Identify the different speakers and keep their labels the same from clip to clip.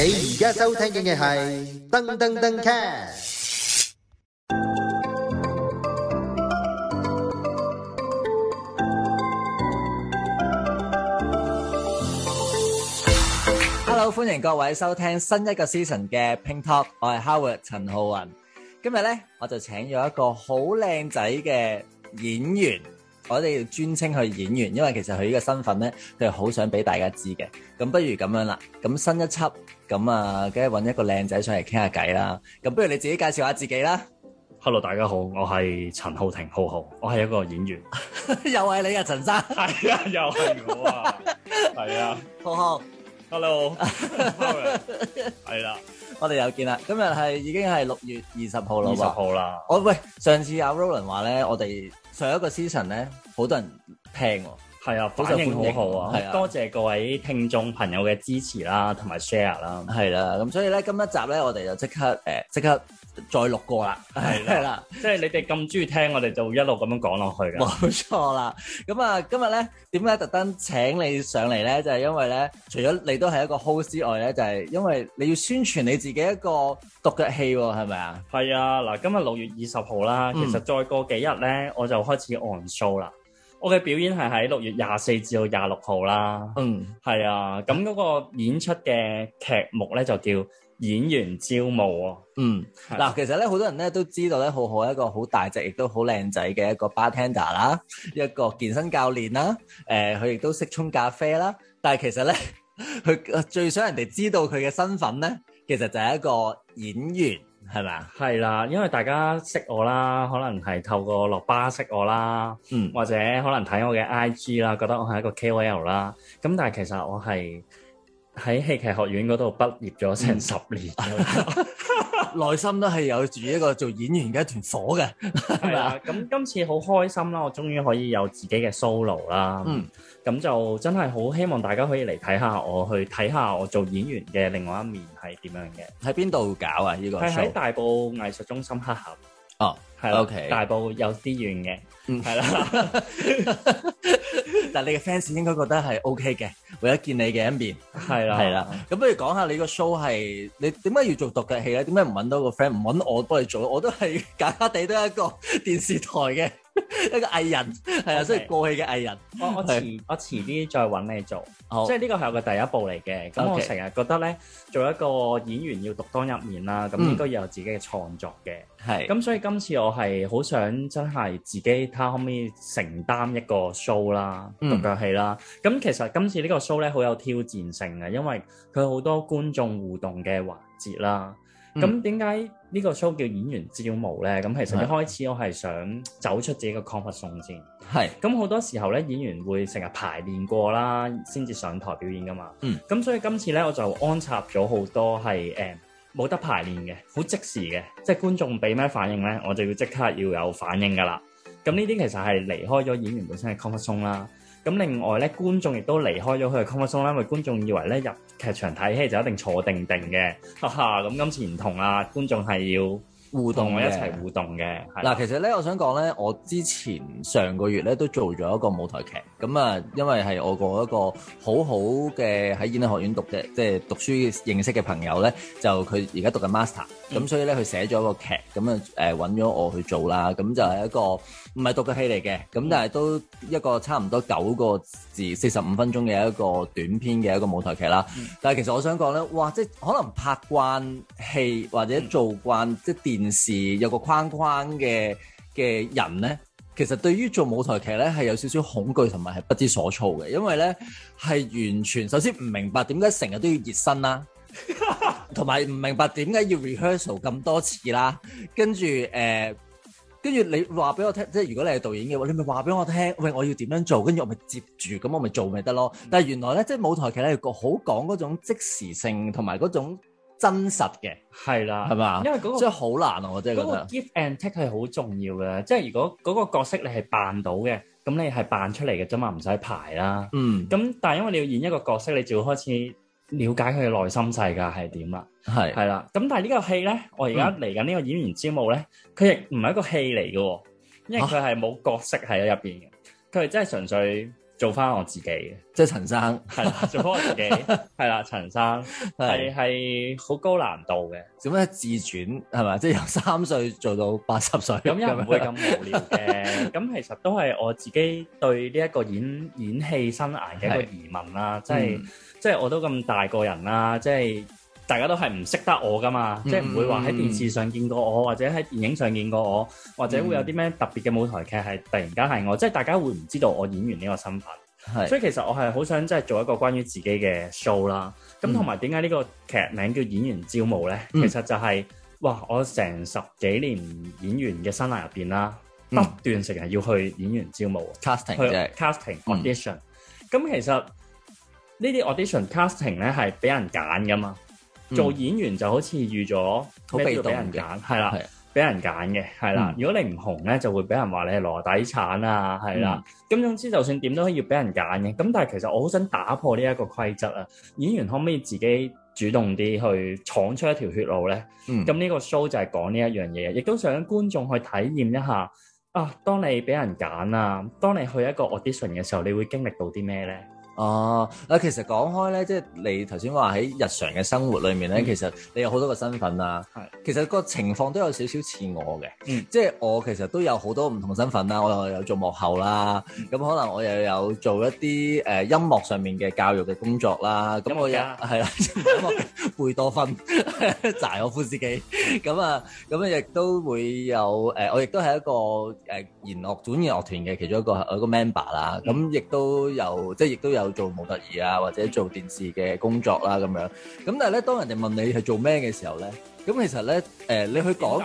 Speaker 1: 你而家收聽嘅係噔噔噔 cast。Hello，歡迎各位收聽新一個 season 嘅 Ping Talk，我係 Howard 陳浩云。今日咧，我就請咗一個好靚仔嘅演員。我哋要尊稱佢演員，因為其實佢呢個身份咧，佢係好想俾大家知嘅。咁不如咁樣啦，咁新一輯咁啊，梗係揾一個靚仔上嚟傾下偈啦。咁不如你自己介紹下自己啦。Hello，大家好，我係陳浩霆。浩浩，我係一個演員。 又係你啊，陳生。係啊，又係我啊。係 啊，浩浩。Hello。係啦。我哋又見啦，今日係已經係六月二十號啦，二十號啦，哦喂，上次阿 Roland 話咧，我哋上一個 season 咧，好多人聽喎。係啊，反應好好啊，多、
Speaker 2: 啊、謝各位聽眾朋友嘅支持啦，同埋 share 啦。係啦、啊，咁所以咧，今一集咧，我哋就即刻誒，即刻再錄過啦，係啦，即係你哋咁中意聽，我哋就一路咁樣講落去
Speaker 1: 嘅。冇錯啦，咁啊，今日咧點解特登請你上嚟咧？就係因為咧，除咗你都係一個 host 之外咧，就係因為你要宣傳你自己一個獨腳戲喎，係咪啊？
Speaker 2: 係啊，嗱，今日六月二十號啦，其實再過幾日咧，我就開始 on show 啦。我嘅表演係喺六月廿四至到廿六號啦。嗯，係啊，咁嗰個演出嘅劇目咧就叫。演員招募
Speaker 1: 啊，嗯，嗱是，其實咧，好多人咧都知道咧，浩浩一個好大隻，亦都好靚仔嘅一個 bartender 啦，一個健身教練啦，誒、呃，佢亦都識沖咖啡啦，但係其實咧，佢最想人哋知道佢嘅身份咧，其實就係一個演員，
Speaker 2: 係咪啊？係啦，因為大家識我啦，可能係透過落吧識我啦，嗯，或者可能睇我嘅 IG 啦，覺得我係一個 KOL 啦，咁但係其實我係。喺戲劇學院嗰度畢業咗成十年，內心都係有住一個做演員嘅一團火嘅。係啦，咁今次好開心啦，我終於可以有自己嘅 solo 啦。嗯，咁就真係好希望大家可以嚟睇下，我去睇下我做演員嘅另外一面
Speaker 1: 係點樣嘅。
Speaker 2: 喺邊度搞啊？呢個係喺大埔藝術中心黑盒。哦，係啦。OK，大埔有啲遠嘅，係啦。
Speaker 1: 嗱、 OK，你嘅 fans 應該覺得係 O K 嘅，為咗見你嘅一面，係啦，係啦。咁不如講下你個 show 係，你點解要做獨腳戲咧？點解唔揾到個 friend，唔揾我幫你做？我都係假假地都係一個電視台嘅。 一個藝人係啊，所以 Okay. 過去嘅藝人，我我遲 我遲啲再揾你做，好即係呢個係我
Speaker 2: 嘅第一步嚟嘅。咁 Okay. 我成日覺得咧，做一個演員要獨當一面啦，咁應該要有自己嘅創作嘅。係咁、嗯，所以今次我係好想真係自己，睇可唔可以承擔一個 show 啦，獨角戲啦。咁其實今次呢個 show 咧好有挑戰性嘅，因為佢好多觀眾互動嘅環節啦。咁點解呢個 show 叫演員招募呢？咁其實一開始我係想走出自己嘅 comfort zone 先。係是。咁好多時候呢，演員會成日排練過啦，先至上台表演噶嘛。嗯。咁所以今次呢，我就安插咗好多係誒冇得排練嘅，好即時嘅，即係觀眾俾咩反應呢，我就要即刻要有反應噶啦。咁呢啲其實係離開咗演員本身嘅 comfort zone 啦。咁另外呢，觀眾亦都離開咗佢嘅 comfort zone 啦，因為觀眾以為呢，入劇場睇戲就一定坐定定嘅，哈哈！咁今次唔同喇，觀眾係要互動嘅，一齊互動嘅。嗱，其
Speaker 1: 實咧，我想講咧，我之前上個月咧都做咗一個舞台劇。咁啊，因為係我個一個好好嘅喺演藝學院讀嘅，即係讀書認識嘅朋友咧，就佢而家讀緊 master，咁、嗯、所以咧佢寫咗一個劇，咁啊誒揾咗我去做啦。咁、嗯、就係一個唔係讀嘅戲嚟嘅，咁但係都一個差唔多九個字四十五分鐘嘅一個短篇嘅一個舞台劇啦。嗯、但係其實我想講咧，哇！即係可能拍慣戲或者做慣、嗯、即係電。電視有個框框嘅嘅人呢，其實對於做舞台劇呢係有少少恐懼同埋係不知所措嘅，因為呢係完全首先唔明白點解成日都要熱身啦，同埋唔明白點解要 rehearsal 咁多次啦，跟住誒，跟住你話俾我聽，即係如果你係導演嘅話，你咪話俾我聽，喂，我要點樣做，跟住我咪接住，咁我咪做咪得咯。但係原來呢，即係舞台劇呢個好講嗰種即時性同埋嗰種。真實嘅係啦，係嘛吧？因為嗰個真係好難啊，我真係覺得個 give and take 係好重要嘅。即係如果嗰個角色你係扮
Speaker 2: 到嘅，咁你係扮出嚟嘅啫嘛，唔使排啦。嗯。咁但係因為你要演一個角色，你就要開始了解佢嘅內心世界係點啦。係係啦。咁但係呢個戲咧，我而家嚟緊呢個演員招募咧，佢亦唔係一個戲嚟嘅，因為佢係冇角色喺入邊嘅，佢係真係純粹。做翻我自己嘅，即係陳生，係啦，做翻我自己，係啦， 陳
Speaker 1: 生，係
Speaker 2: 係好高難度嘅，
Speaker 1: 做咩自傳係咪？即係由三歲做到八十歲，咁又唔會咁無聊嘅。
Speaker 2: 咁 其實都係我自己對呢一個演演戲生涯嘅一個疑問啦，即係即係我都咁大個人啦，即係。大家都係唔識得我噶嘛，即係唔會話喺電視上見過我，或者喺電影上見過我，或者會有啲咩特別嘅舞台劇係突然間係我，即係大家會唔知道我演員呢個身份。係所以其實我係好想即係做一個關於自己嘅 show 啦。咁同埋點解呢個劇名叫演員招募呢？嗯、其實就係、係、哇，我成十幾年演員嘅生涯入邊啦，嗯、不斷成日要去演員招募 casting casting audition。咁、嗯、其實呢啲 audition casting 咧係俾人揀噶嘛。做演員就好似預咗好叫俾人揀，係啦，俾人揀嘅，係啦的。如果你唔紅咧，就會俾人話你係籮底橙啊，係啦。咁總之，就算點都可以俾人揀嘅。咁但係其實我好想打破呢一個規則啊！演員可唔可以自己主動啲去闖出一條血路咧？咁呢、嗯、個 show 就係講呢一樣嘢，亦都想觀眾去體驗一下啊！當你俾人揀啊，
Speaker 1: 當你去一個 audition 嘅時候，你會經歷到啲咩咧？哦，嗱，uh, 其實講開咧，即係你頭先話喺日常嘅生活裏面咧，其實你有好多個身份啦、啊，係 其實個情況都有少少似我嘅。嗯， 即係我其實都有好多唔同身份啦、啊，我又有做幕後啦，咁可能我又有做一啲誒、呃、音樂上面嘅教育嘅工作啦。咁、啊、我有係啦，貝、啊、嗯、多芬、柴可夫斯基，咁 啊，咁啊亦都會有誒、呃、我亦都係一個誒弦樂組嘅樂團嘅其中一個一個 member 啦。咁亦都有，即係亦都有。做模特兒啊，或者做電視嘅工作啦咁樣，咁但係咧，當人哋問你係做咩嘅時候咧，咁其實咧，誒，你去講，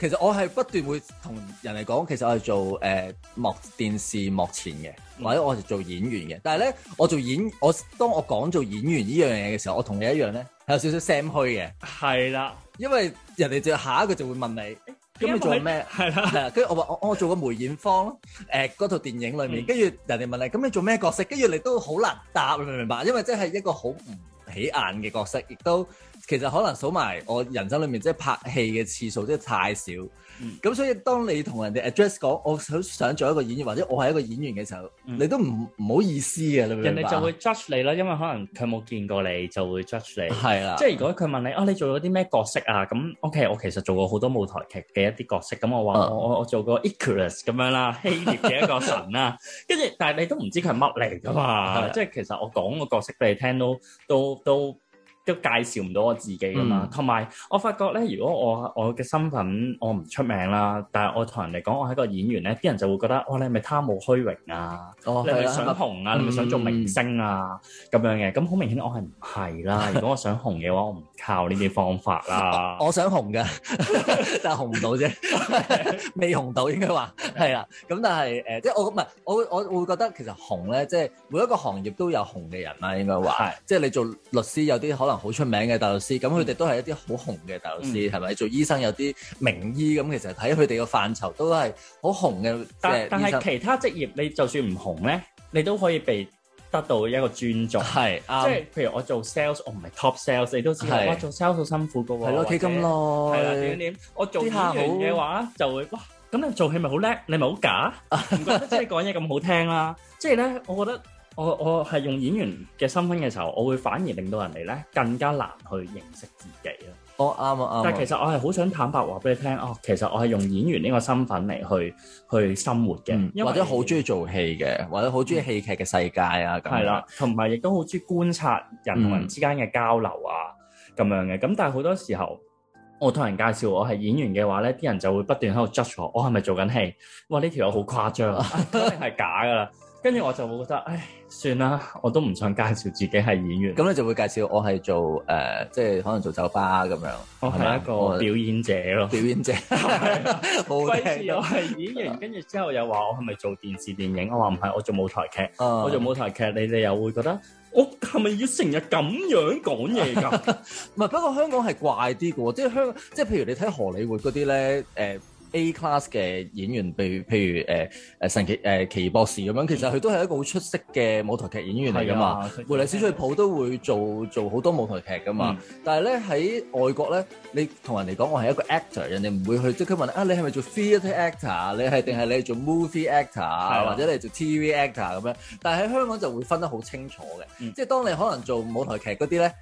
Speaker 1: 其實我係不斷會同人嚟講，其實我係做誒幕電視幕前嘅，或者我係做演員嘅。但係咧，我做演，我當我講做演員呢樣嘢嘅時候，我同你一樣咧，係有少少 sam 虛嘅。係啦，因為人哋就下一個就會問你。咁你做咩？係啦的，跟住 我話我我做個梅艷芳咯，呃、嗰套電影裏面，跟住人哋問你，咁你做咩角色？跟住你都好難答，明唔明白？因為即係一個好唔起眼嘅角色，亦都其實可能數埋我人生裏面即係拍戲嘅次數，即係太少。咁、嗯嗯、所以當你同人哋 address 講，我想想做一個演員，或者我係一個演員嘅時候，你都唔唔好意思嘅，人哋就會
Speaker 2: judge 你啦，因為可能佢冇見過你，就會 judge 你。係啦。即係如果佢問你啊，你做咗啲咩角色啊？咁 OK，我其實做過好多舞台劇嘅一啲角色。咁我話我我做過 Icarus 咁樣啦，希臘嘅一個神啦、啊。跟住，但係你都唔知佢係乜嚟噶嘛？即係其實我講個角色俾你聽都都都都介紹唔到我自己㗎嘛，同埋、嗯、我發覺咧，如果我我嘅身份我唔出名啦，但係我同人哋講我係一個演員咧，啲人就會覺得哇、哦、你係咪貪慕虛榮啊？哦、你係咪想紅啊？嗯、你係咪想做明星啊？咁樣嘅，咁好明顯我係唔係啦？ 如果我想紅嘅話，我唔靠呢啲方法啦。我，我想紅嘅，
Speaker 1: 但係紅唔到啫，未 紅到應該話係啦。咁、啊、但係誒、呃，即係我唔係我我會覺得其實紅咧，即係每一個行業都有紅嘅人啦，應該話，即係的 你做律師有啲可能。好出名嘅大律師，咁佢哋都係一啲好紅嘅大律師，係咪？做醫生有啲名醫，咁其實睇佢哋個範疇都係好紅嘅。但但係其他職業，你就算唔紅咧，你都可以被得到一個尊重，係。即係譬如
Speaker 2: 我做 sales，我唔係 top sales，你都知我做 sales 好辛苦噶。係咯，企咁耐。係啦，點點我做呢樣嘢話就會哇，咁你做戲咪好叻，你咪好假，唔覺得即係講嘢咁好聽啦。即係咧，我覺得。我我係用演員嘅身份嘅時候，我會反而令到人哋咧更加難去認識自己咯。哦，啱啊啱。但係其實我係好想坦白話俾你聽，哦，其實我係用演員呢個身份嚟去去生活嘅、嗯為，或者好中意做戲嘅，或者好中意戲劇嘅世界啊咁、嗯、樣。係啦，同埋亦都好中意觀察人同人之間嘅交流啊咁、嗯、樣嘅。咁但係好多時候，我同人介紹我係演員嘅話咧，啲人就會不斷喺度質我：我係咪做緊戲？哇！呢條友好誇張啊，肯定係假㗎啦。 跟住我就會覺
Speaker 1: 得，唉，算啦，我都唔想介紹自己係演員。咁咧就會介紹我係做誒、呃，即係可能做酒吧咁樣。我係一個表演者咯，我表演者。費
Speaker 2: 啊、 事又係演員，跟住之後又話我係咪做電視電影？ 我話唔係，我做舞台劇。嗯、我做舞台劇，你哋又會覺得我係咪要
Speaker 1: 成日咁樣講嘢㗎？唔係，不過香港係怪啲嘅喎，即係香，即係譬如你睇荷里活嗰啲咧，誒。誒 A class 嘅演員，譬如譬如誒誒、呃、神奇誒、呃、奇博士咁樣，其實佢都係一個好出色嘅舞台劇演員嚟㗎嘛。回嚟小水泡都會做做好多舞台劇㗎嘛。嗯、但係咧喺外國咧，你同人哋講我係一個 actor，人哋唔會去即刻問啊你係咪做 theatre actor 你係定係你係做 movie actor、啊、或者你係做 TV actor 咁樣？但係喺香港就會分得好清楚嘅，嗯、即係當你可能做舞台劇嗰啲咧。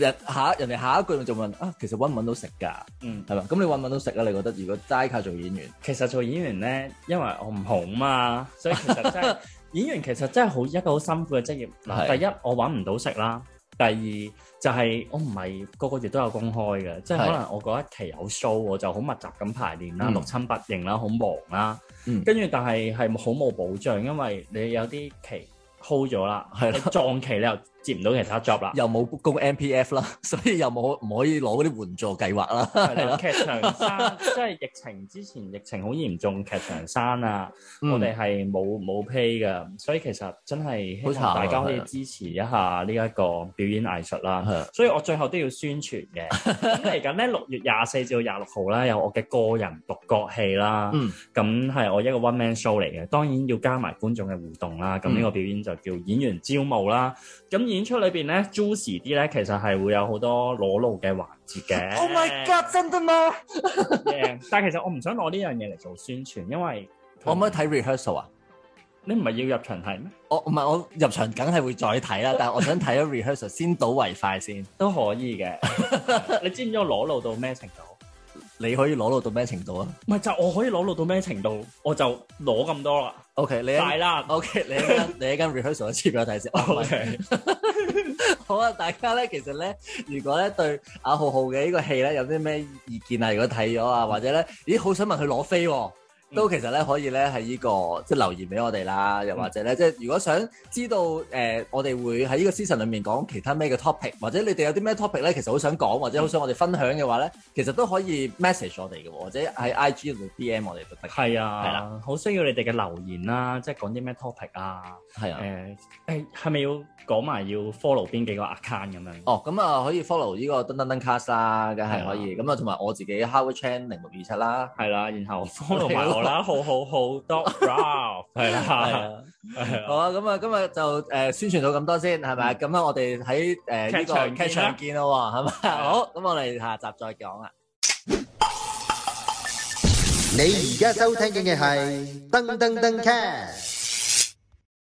Speaker 1: 下人哋下一句就問啊，其實揾唔揾到食噶，嗯，係嘛？咁你揾唔揾到食咧？你覺得如果齋靠做演員，其實做演員咧，因為我唔紅嘛，
Speaker 2: 所以其實真係 演員其實真係好一個好辛苦嘅職業。嗱是，第一我揾唔到食啦，第二就係、是、我唔係個個月都有公開工開嘅，即、就、係、是、可能我嗰一期有 show，我就好密集咁排練啦、六親是不認啦、好忙啦，嗯、跟住但係係好冇保障，因為你有啲期 hold 咗啦，係啦，撞期你又。的 接唔到其他 job 啦，又冇供 MPF 啦，所以又冇唔可以攞啲援助計劃啦，係咯。 劇場山 即係疫情之前，疫情好嚴重，劇場山啊，嗯、我哋係冇冇 pay 嘅，所以其實真係希望大家可以支持一下呢一個表演藝術啦。嗯、所以，我最後都要宣傳嘅，咁嚟緊咧六月廿四至到廿六號啦，有我嘅個人獨角戲啦，咁係、嗯、我一個 one man show 嚟嘅，當然要加埋觀眾嘅互動啦。咁呢個表演就叫演員招募啦，咁。演出裏邊咧，juicy 啲咧，其實係會有好多裸露嘅環節嘅。Oh my
Speaker 1: god！真㗎嗎？ yeah, 但係其實我唔想攞呢樣嘢嚟做宣傳，因為我可唔可以睇 rehearsal 啊？你唔係要入場睇咩？我唔係，我入場梗係會再睇啦。但係我想睇咗 rehearsal 先睹為快先都可以嘅。 你知唔知我裸露到咩程度？
Speaker 2: 你可以攞到到咩程度啊？唔係就我可以攞到到咩程度，我就攞咁多啦。O、okay,
Speaker 1: K，、okay，你一間，O K，你一間，你一間 rehearsal 一次俾我睇先。 o okay . K， 好啊，大家咧，其實咧，如果咧對阿浩浩嘅呢個戲咧有啲咩意見啊？如果睇咗啊，或者咧，咦，好想問佢攞飛喎。都其實咧可以咧喺呢個即係留言俾我哋啦，又或者咧即係如果想知道誒、呃、我哋會喺呢個 season 裡面講其他咩嘅 topic，或者你哋有啲咩 topic 咧，其實好想講，或者好想我哋分享嘅話咧，其實都可以 message 我哋嘅，或者喺 IG 同埋 DM 我哋都得。係啊，係啦、啊，好需要你哋嘅留言啦、啊，即係講啲咩 topic 啊？係啊，誒誒係咪要講埋要 follow 邊幾個 account 咁樣？哦，咁啊可以 follow 呢個登登登 cast 啦，梗係可以。咁啊同埋我自己 Howard Chan 零六二七啦。係啦、啊，然後 follow
Speaker 2: 打好好好多，係啦，
Speaker 1: 係啊，好啊，咁啊，今日就誒宣傳到咁多先，係咪？咁咧，我哋喺誒呢個劇場見咯，係咪？好，咁我哋下集再講啊。你而家收聽緊嘅係噔噔噔 cash。